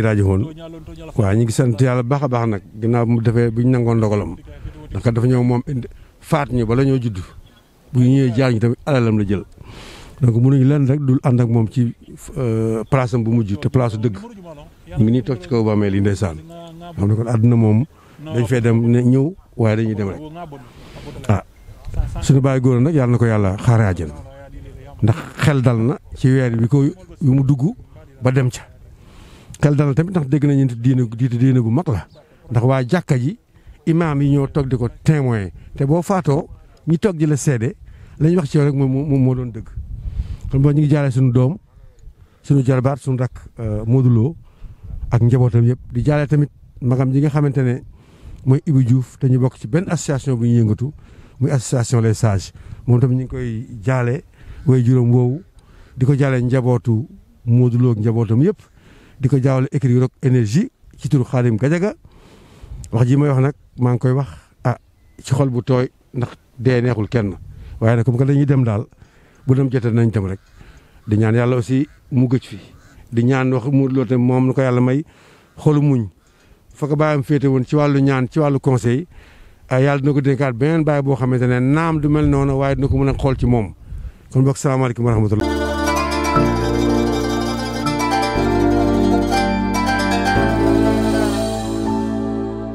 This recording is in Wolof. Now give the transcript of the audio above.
rajo woon waaw ñu ngi sant yàlla baax a baax nag ginnaaw mu defee bu ñu nangoon ndogalam ndax dafa ñëw moom faat ñu bala ñoo judd bu ñu jaar ñu tamit alalam la jël donc mënuñu leen rek dul ànd ak moom ci euh, place am bu mujj te place dëgg ñu ngi nii toog ci kaw bàmmeel yi ndeysaan xam ne kon àdduna moom dañ fay dem ne ñëw dañuy dem rek ah suñu bàyyi góor nag yàlla na ko yàlla xaaree àjjana ndax xel dal na ci weer bi ko yu mu dugg ba dem ca xel dal tamit ndax dégg nañu diine jiite diine gu mag la ndax waa jàkka ji imaam yi ñoo toog di ko témoin te boo faatoo ñi toog di la seede lañ wax ci yow rek moom moo doon dëgg. kon boo ñu ngi jaale suñu doom suñu jarbaat suñu rakk euh, Modou Lo ak njabootam yëpp di jaale tamit magam ji nga xamante ne mooy Ibou Diouf te ñu bokk ci benn association bu ñu yëngatu muy association les sages moom tamit ñu ngi koy jaale way juróom woowu di ko jaale njabootu mooduloo njabootam yëpp. di ko jaawale écrit Rock énergie ci turu Xaadim Gajaga wax jii may wax nag maa ngi koy wax a ah, ci xol bu tooy ndax dee neexul kenn waaye nag comme dañuy dem daal bu dem jotee nañ dem rek di ñaan yàlla aussi mu gëj fi di ñaan wax mu loo tamit moom nu ko yàlla may xolu muñ fa ko bàyyam féete woon ci wàllu ñaan ci wàllu conseil ah, yàlla dina ko dénkaat beneen bàyyi boo xamante ne naam du mel noonu waaye dina ko mën a xool ci moom kon bokk salaamaaleykum wa rahmatullah